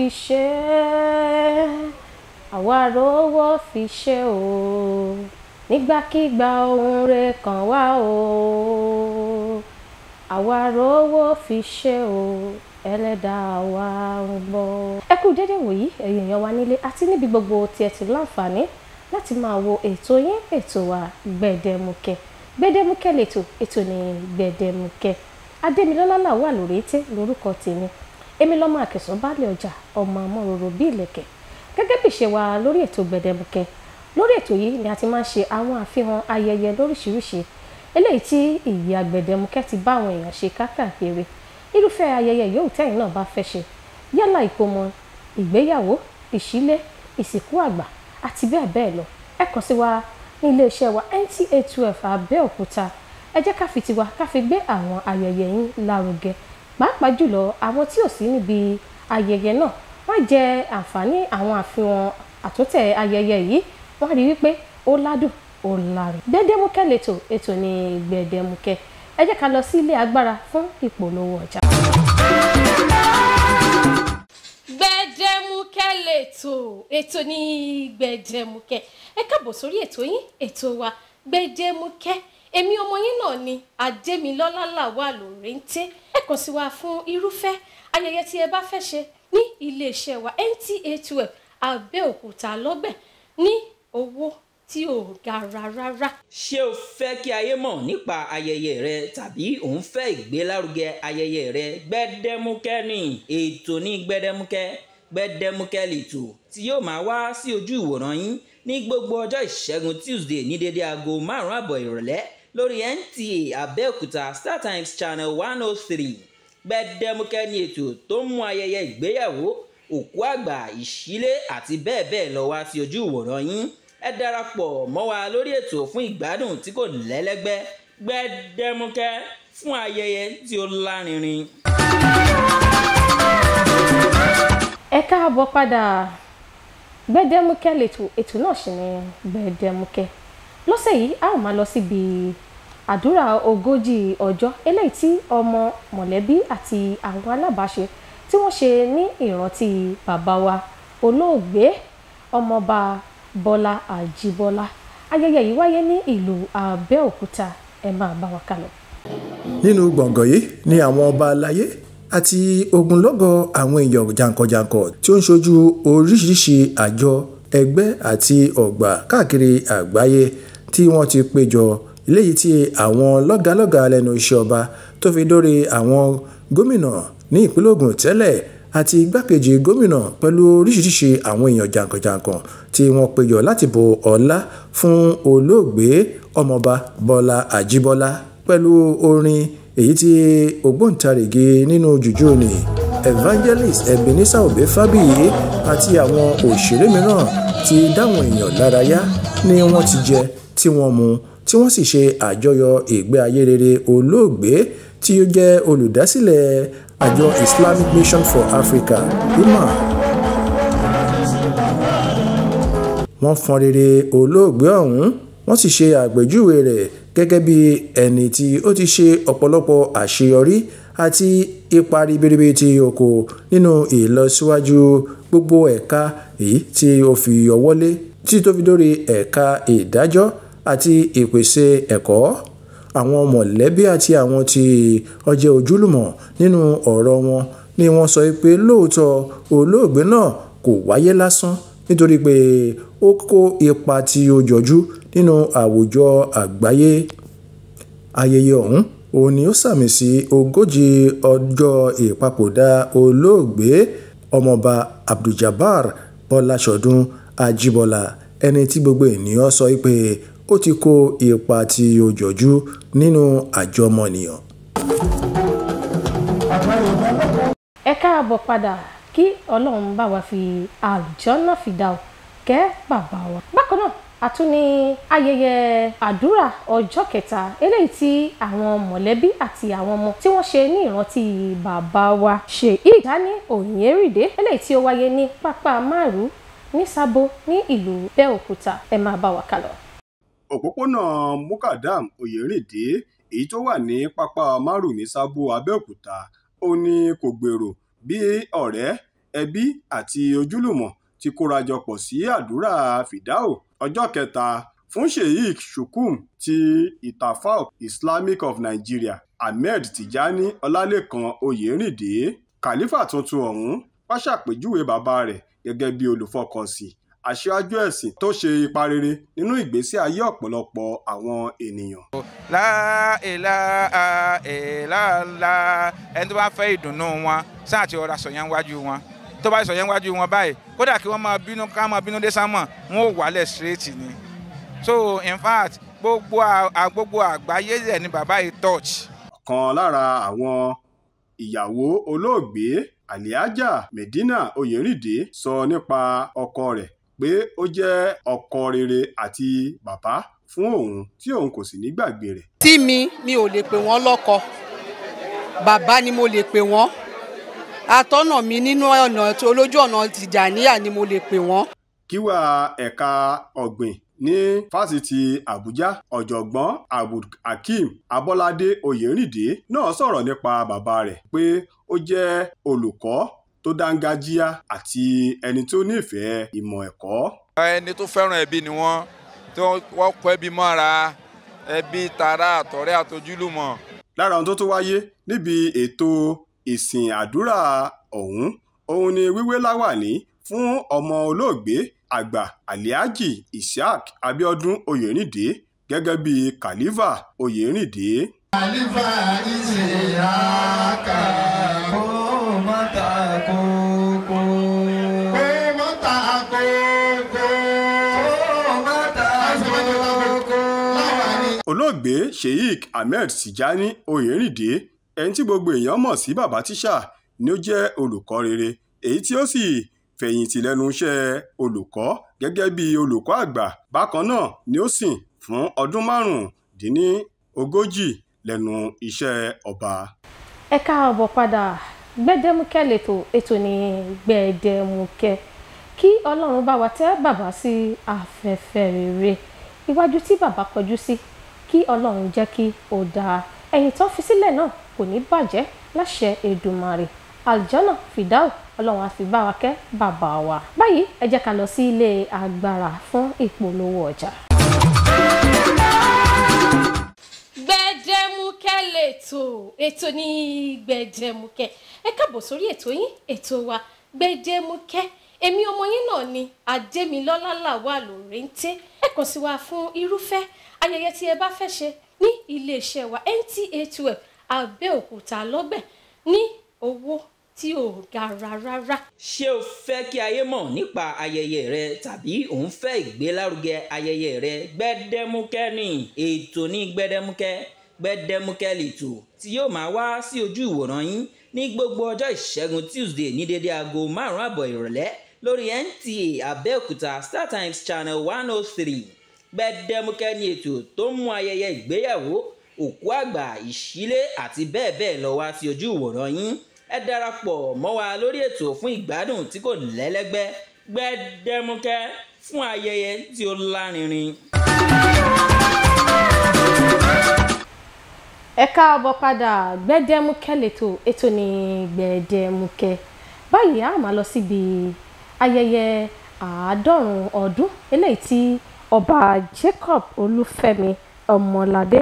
fi ṣe àwa rówó fi ṣe o nígbàkígbà ohun rẹ̀ kàn wá o àwa rówó fi ṣe o ẹlẹ́dàá wa ń bọ̀. ẹ kú dédé wòyí ẹ̀yin èèyàn wa nílé àti níbi gbogbo tí ẹ ti láǹfààní láti máa wo ètò yín ètò wa gbẹdẹmukẹ gbẹdẹmukẹ lètò ètò ní gbẹdẹmukẹ adémilọ́lá là wà lórí lórúkọ tèmi èmi lọ́mọ àkẹsàn balẹ̀ ọjà ọmọ amóròrò bí ìlẹ̀kẹ̀ gẹ́gẹ́ bí ṣe wà lórí ètò gbẹdẹmukẹ lórí ètò yìí ni a ti máa ń ṣe àwọn àfihàn ayẹyẹ lóríṣiríṣi eléyìí tí ìyá gbẹdẹmukẹ ti bá àwọn èèyàn ṣe kákàkiri irúfẹ́ ayẹyẹ yóò tẹ́yìn náà bá fẹ́ ṣe yálà ìkómọ ìgbéyàwó ìṣílé ìsìnkú àgbà àti bẹ́ẹ̀ bẹ́ẹ̀ lọ ẹ kàn sí wa ní iléeṣẹ́ wa NTA twelve Abẹ́òkúta ẹ jẹ́ ká fi tiwa ká fi gbé àwọn ayẹyẹ yín lárugẹ pàápàá jùlọ àwọn tí ò sí níbi ayẹyẹ náà wọ́n jẹ àǹfààní àwọn àfihàn àtúntẹ̀ ayẹyẹ yìí wọ́n rí wípé ó ládùn ó lárin. gbẹdẹmukẹ lẹ́tọ̀ ètò ní gbẹdẹmukẹ ẹ jẹ́ ká lọ sí ilé agbára fún ìpolówó ọjà. gbẹdẹmukẹ lẹ́tọ̀ ètò ní gbẹdẹmukẹ ẹ káàbọ̀ sórí ètò yín ètò wa gbẹdẹmukẹ èmi ọmọ yín náà ni àjẹmílọ́lá làwà lóréńté ẹ kàn sí wa fún irúfẹ́ ayẹyẹ tí ẹ bá fẹ́ ṣe ní iléeṣẹ́ wa NTA twelve Abẹ́òkúta lọ́gbẹ̀ ní owó tí ò ga rárá. ṣé o fẹ́ kí ayé mọ̀ nípa ayẹyẹ rẹ tàbí ò ń fẹ́ ìgbélárugẹ ayẹyẹ rẹ gbẹdẹmukẹ ni ètò ní gbẹdẹmukẹ gbẹdẹmukẹ lètò tí yóò máa wá sí ojú ìwòran yín ní gbogbo ọjọ́ ìṣẹ́gun Tuesday ní dédé aago márùn-ún àbọ̀ ìrọ̀lẹ́ lórí NTA Abẹ́òkúta StarTimes Channel one oh three gbẹdẹmukẹ ní ètò tó ń mú ayẹyẹ ìgbéyàwó òkú àgbà ìṣílé àti bẹ́ẹ̀ bẹ́ẹ̀ lọ wá sí ojú ìwòran yín ẹ darapọ̀ mọ́ wa lórí ètò fún ìgbádùn tí kò lẹ́lẹ́gbẹ́ gbẹdẹmukẹ fún ayẹyẹ tí ó lárinrin. ẹ káàbọ̀ padà gbẹdẹmukẹ lètò ètò náà sì ni gbẹdẹmukẹ lọ́sẹ̀ yìí a ó máa lọ síbi àdúrà ogójì ọjọ́ eléyìí tí ọmọ mọ̀lẹ́bí àti àwọn alábàáṣe tí wọ́n ṣe ní ìrántí bàbá wa olóògbé ọmọọba Bọ́lá Àjíbọ́lá ayẹyẹ yìí wáyé ní ìlú Abẹ́òkúta ẹ máa bá wa kálọ. nínú gbọ̀ngàn yìí ni àwọn ọba aláyé àti ogunlọ́gọ̀ àwọn èèyàn jàǹkànjàǹkàn tí ó ń ṣojú oríṣiríṣi àjọ ẹgbẹ́ àti ọ̀gbà káàkiri àgbáyé tí wọ́n ti péjọ eléyìí tí àwọn lọ́gàlọ́gà lẹ́nu iṣẹ́ ọba tó fi dórí àwọn gómìnà ní ìpínlẹ̀ Ògùn tẹ́lẹ̀ àti igbákejì gómìnà pẹ̀lú oríṣiríṣi àwọn èèyàn jàǹkànjàǹkàn tí wọ́n péjọ láti bo ọlá fún olóògbé ọmọọba Bọ́lá Àjíbọ́lá pẹ̀lú orin èyí tí ògbóǹtarìgì nínú jùjú ni Evangelist Ebenezer Obe Fabiyi àti àwọn òṣèré mìíràn ti dáwọn èèyàn lárayá ni wọ́n ti jẹ tí wọ́n mú tí wọ́n sì ṣe àjọyọ̀ ìgbé ayé rere olóògbé tí ó jẹ́ olùdásílẹ̀ àjọ Islamic Mission for Africa Imma, wọ́n fọn rere olóògbé ọ̀hún wọ́n sì ṣe àgbéjúwe rẹ̀ gẹ́gẹ́ bí ẹni tí ó ti ṣe ọ̀pọ̀lọpọ̀ àṣeyọrí àti ipa ribiribi tí oko nínú ìlọsíwájú gbogbo ẹ̀ka èyí tí ó fi ọwọ́ lé títí tó fi dórí ẹ̀ka ìdájọ́ àti ìpèsè ẹ̀kọ́ àwọn mọ̀lẹ́bí àti àwọn tí ó jẹ́ ojúlùmọ̀ nínú ọ̀rọ̀ wọn ni wọ́n sọ pé lóòótọ́ olóògbé náà kò wáyé lásán nítorí pé ó kó ipa tí ó jọjú nínú àwùjọ àgbáyé ayẹyẹ ọ̀hún òun ni ó sàmì sí ogójì ọjọ́ ìpapòdà olóògbé ọmọọba abdul-jabbar bọ́lá ṣọdún ajíbọ́lá ẹni tí gbogbo ènìyàn sọ pé ó ti kó ipa tí ó jọjú nínú àjọmọ̀nìyàn. ẹ káàbọ̀ padà kí ọlọ́run bá wa fi àlùjọ́nà fìdá o kẹ́ bàbá wa. bákan náà a tún ní ayẹyẹ àdúrà ọjọ́ kẹta eléyìí tí àwọn mọ̀lẹ́bí àti àwọn ọmọ tí wọ́n ṣe ní ìrántí bàbá wa ṣe ìdání òyìnbó eléyìí tí ó wáyé ní pápá márùn ní sábó ní ìlú bẹ́òkúta ẹ máa bá wa kálọ òpópónà mukadam oyèrìndé èyí tó wà ní pápá márù ní sábò abẹ́òkúta ò ní kò gbèrò bí ọ̀rẹ́ ẹbí àti ojúlùmọ̀ ti kórajọ pọ̀ sí àdúrà fìdáò ọjọ́ kẹta fún sheikh shukum ti itafal islamic of nigeria ahmed tijani ọlálẹ́kan oyèrìndé khalifa tuntun ọ̀hún wá ṣàpèjúwe bàbá rẹ̀ gẹ́gẹ́ bí olùfọkànsìn aṣáájú ẹ̀sìn tó ṣe ipa rere nínú ìgbésí ayé ọ̀pọ̀lọpọ̀ àwọn ènìyàn. láìla ìlàlá ẹni tó bá fẹ́ ìdùnnú wọn sáà tí ọ̀rọ̀ àṣọyàn wájú wọn tó bá ṣọyàn wájú wọn báyìí kódà kí wọ́n máa bínú ká máa bínú dé sámọ̀ wọn ò wálẹ̀ síréètì ni so in fact gbogbo gbogbo àgbáyé rẹ̀ ni bàbá yìí touch. ọ̀kan lára àwọn ìyàwó olóògbé Alíájà Medina Oyèrìndé sọ nípa ọkọ rẹ̀ pé ó jẹ́ ọkọ rere àti bàbá fún òun tí òun kò sì ní gbàgbé rẹ̀. tí mi mi ò lè pè wọ́n lọ́kọ bàbá ni mo lè pè wọ́n atọ́nà mi nínú ọ̀nà olójú ọ̀nà tìjàníyà ni mo lè pè wọ́n. kíwà ẹ̀ka ọ̀gbìn ní fásitì àbújá ọ̀jọ̀gbọ́n abdulhakeem abọ́ládé oyèrìndé náà sọ̀rọ̀ nípa bàbá rẹ̀ pé ó jẹ́ olùkọ́ tó dáńgájíá àti ẹni tó nífẹ̀ẹ́ ìmọ̀ ẹ̀kọ́. ẹni tó fẹ́ràn ẹbí ni wọ́n tí wọ́n kọ́ ẹbí mọ́ra ẹbí tààrà àtọ̀rẹ́ àtọjúlùmọ̀. lára ohun tó tó wáyé níbi ètò ìsìn àdúrà ọ̀hún òun ni wíwé láwàní fún ọmọ olóògbé àgbà aliaji isiaq abiodun oyèrìndé gẹ́gẹ́ bí kàlífà oyèrìndé. kàlífà isiaq. gbàgbé sheik ahmed Sijani oyèrìndé ẹni tí gbogbo èèyàn mọ̀ sí baba tíṣà ni ó jẹ́ olùkọ́ rere èyí tí ó sì fẹ̀yìntì lẹ́nu iṣẹ́ olùkọ́ gẹ́gẹ́ bí olùkọ́ àgbà bákan náà ni ó sìn fún ọdún márùndínní ogójì lẹ́nu iṣẹ́ ọba. ẹ káàbọ̀ padà gbẹdẹmukẹ lẹtọ ètò ní gbẹdẹmukẹ kí ọlọ́run bá wa tẹ́ bàbá sí afẹ́fẹ́ rere iwájú tí bàbá kọjú sí kí ọlọ́run jẹ́ kí ó dáa ẹ̀yìn tó fi sílẹ̀ náà kò ní bàjẹ́ láṣẹ Èdùmàrè àlùjọ́nà fìdáù ọlọ́run á wa kẹ́ bàbá wa. báyìí ẹ jẹ́ ká lọ sí ilé agbára fún ìpolówó ọjà. gbẹdẹmukẹ lẹtọ ètò ní gbẹdẹmukẹ ẹ káàbọ̀ sórí ètò yín ètò wa gbẹdẹmukẹ èmi ọmọ yín náà ni Adémilọ́lá làwà lóore ń tẹ́ ẹ kàn sí wa fún irúfẹ́ ayẹyẹ tí ẹ bá fẹ́ ṣe ní iléeṣẹ́ wa NTA twelve Abẹ́òkúta lọ́gbẹ̀ ní owó tí ò ga rárá. ṣé o fẹ́ kí ayé mọ̀ nípa ayẹyẹ rẹ tàbí ò ń fẹ́ ìgbélárugẹ ayẹyẹ rẹ gbẹdẹmukẹ ni ètò ní gbẹdẹmukẹ gbẹdẹmukẹ lètò tí yóò máa wá sí ojú ìwòran yín ní gbogbo ọjọ́ ìṣẹ́gun Tuesday ní dédé aago márùn-ún àbọ̀ ìrọ̀lẹ́ lórí NTA Abẹ́òkúta StarTimes Channel one oh three gbẹdẹmukẹ ní ètò tó mú ayẹyẹ ìgbéyàwó òkú àgbà ìṣílé àti bẹ́ẹ̀ bẹ́ẹ̀ lọ wá sí ojú ìwòran yín ẹ darapọ̀ mọ́ wa lórí ètò fún ìgbádùn tí kò lẹ́lẹ́gbẹ́ gbẹdẹmukẹ fún ayẹyẹ tí ó lárinrin. ẹ káàbọ̀ padà gbẹdẹmukẹ lẹ́tọ̀ ètò ní gbẹdẹmukẹ báyìí a máa lọ síbi ayẹyẹ àádọ́rùn-ún ọdún eléyìí tí ọba jacob olúfẹ́mi ọmọládé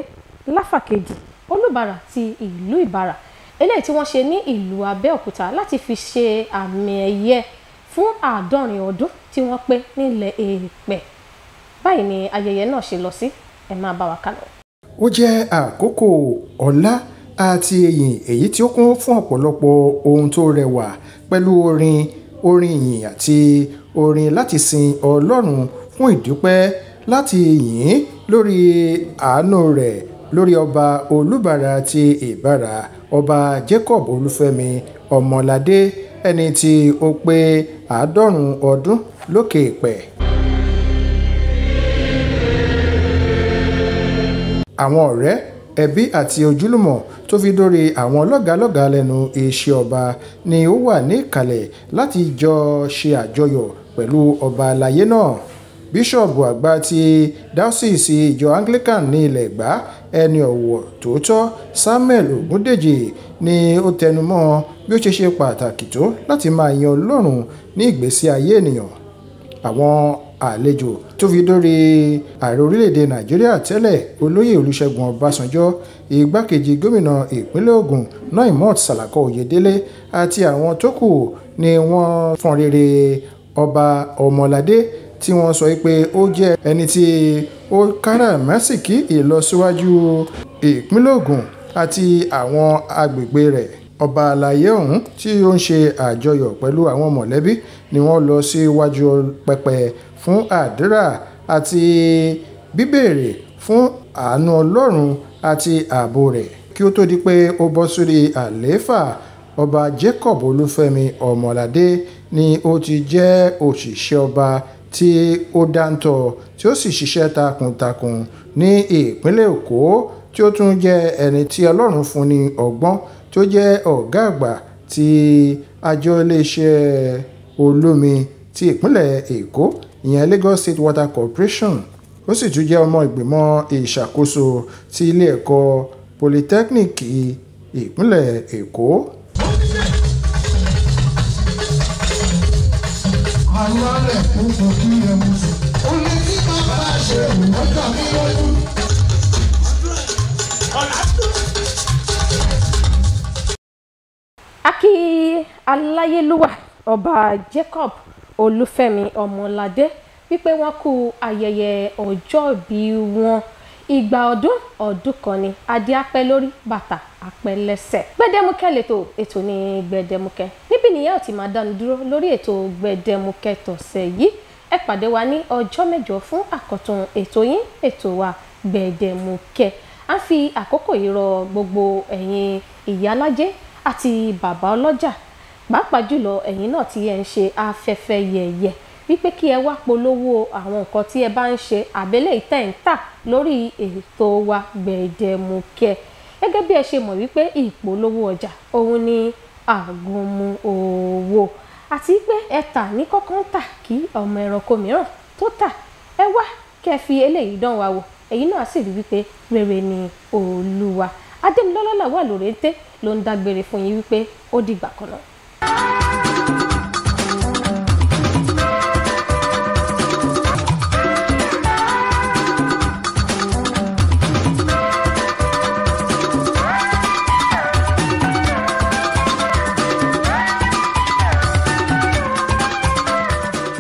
láfàkejì olùbàrà ti ìlú ìbàrà eléyìí tí wọ́n ṣe ní ìlú abẹ́òkúta láti fi ṣe àmì ẹ̀yẹ fún àádọ́rin ọdún tí wọ́n pé nílẹ̀ èèpẹ̀ báyìí ni ayẹyẹ náà ṣe lọ sí ẹ máa bá wa kálọ. ó jẹ́ àkókò ọlá àti èyìn èyí tí ó kún fún ọ̀pọ̀lọpọ̀ ohun tó rẹwà pẹ̀lú orin orin ìyìn àti orin láti sin ọlọ́run fún ìdúpẹ́ láti yìn lórí àánú rẹ̀ lórí ọba olúbàrà ti ìbàrà ọba Jacob olúfẹ́mi ọmọládé ẹni tí ó pé àádọ́rùn ọdún lókè ìpẹ́. àwọn ọ̀rẹ́ ẹbí àti ojúlùmọ̀ tó fi dórí àwọn lọ́gàálọ́gàá lẹ́nu iṣẹ́ ọba ni ó wà níkàlẹ̀ láti jọ ṣe àjọyọ̀ pẹ̀lú ọba àlàyé náà bíṣọ̀bù àgbà ti dáúsìsì ìjọ anglican ní ilẹ̀ ẹ̀gbá ẹni ọ̀wọ̀ tòótọ́ samuel ogundeji ni ó tẹnumọ́ bí ó ṣe ṣe pàtàkì tó láti máa yan ọlọ́run ní ìgbésí ayé ènìyàn àwọn àlejò tó fi dórí ààrẹ orílẹ̀-èdè nàìjíríà tẹ́lẹ̀ olóyè olùṣègùn ọbásanjọ́ igbákejì gómìnà ìpínlẹ̀ ògùn naimot salako oyedele àti àwọn tó kù ni wọ́n fọn rere ọba ọmọládé tí wọ́n sọ pé ó jẹ́ ẹni tí ó káràmásìkí ìlọsíwájú ìpínlẹ̀ ògùn àti àwọn agbègbè rẹ̀ ọba àlàyé ọ̀hún tí ó ń ṣe àjọyọ̀ pẹ̀lú àwọn mọ̀lẹ́bí ni wọ́n lọ síwájú pẹpẹ fún àdúrà àti bíbèrè fún àánú ọlọ́run àti ààbò rẹ̀ kí ó tó di pé ó bọ́ sórí àlééfà ọba jacob olúfẹ́mi ọmọládé ni ó ti jẹ́ òṣìṣẹ́ ọba tí ó dáńtọ́ tí ó sì ṣiṣẹ́ takuntakun ní ìpínlẹ̀ èkó tí ó tún jẹ́ ẹni tí ọlọ́run fún ní ọgbọ́n tí jẹ́ ọ̀gá àgbà ti àjọ iléeṣẹ́ olómi ti ìpínlẹ̀ èkó ìyẹn Lagos State Water Corporation ó sì tún jẹ́ ọmọ ìgbìmọ̀ ìṣàkóso ti ilé ẹ̀kọ́ polytechnic ìpínlẹ̀ Èkó. alálẹ̀ kò sọ kí ẹ akí aláyélúwà ọba Jacob olúfẹ́mi ọmọládé wípé wọ́n kú ayẹyẹ ọjọ́bí wọn ìgbà ọdún ọdún kan ni adé apẹ́ lórí bàtà apẹ́ lẹ́sẹ̀ gbẹdẹmukẹ lètò ètò ní gbẹdẹmukẹ níbi nìyẹn ò ti máa dánu dúró lórí ètò gbẹdẹmukẹ tọ̀sẹ̀ yìí ẹ pàdé wa ní ọjọ́ mẹ́jọ fún àkọ́tún ètò yín ètò wa gbẹdẹmukẹ a fi àkókò yìí rọ gbogbo ẹ̀yin ìyálájé àti bàbá ọlọ́jà pàápàá jùlọ ẹ̀yin náà tí ẹ ń ṣe afẹ́fẹ́ yẹ̀yẹ̀ wípé kí ẹ wá polówó àwọn nǹkan tí ẹ bá ń ṣe àbẹ́lẹ̀ ìtẹ̀ǹtà lórí ètò wa gbẹ̀dẹ̀mukẹ́ gẹ́gẹ́ bí ẹ ṣe mọ̀ wípé ìpolówó ọjà òun ni àgùnmu owó àti pé ẹ tà ní kọ́kọ́ tà kí ọmọ ẹranko mìíràn tó tà ẹ wá kẹ́ fi eléyìí dán wa wò èyí náà sì rí wípé rere ni olúwa adémilọ́lá wà lóore ń tẹ́ ló ń dágbére fún yín wípé ó dìgbà kan náà.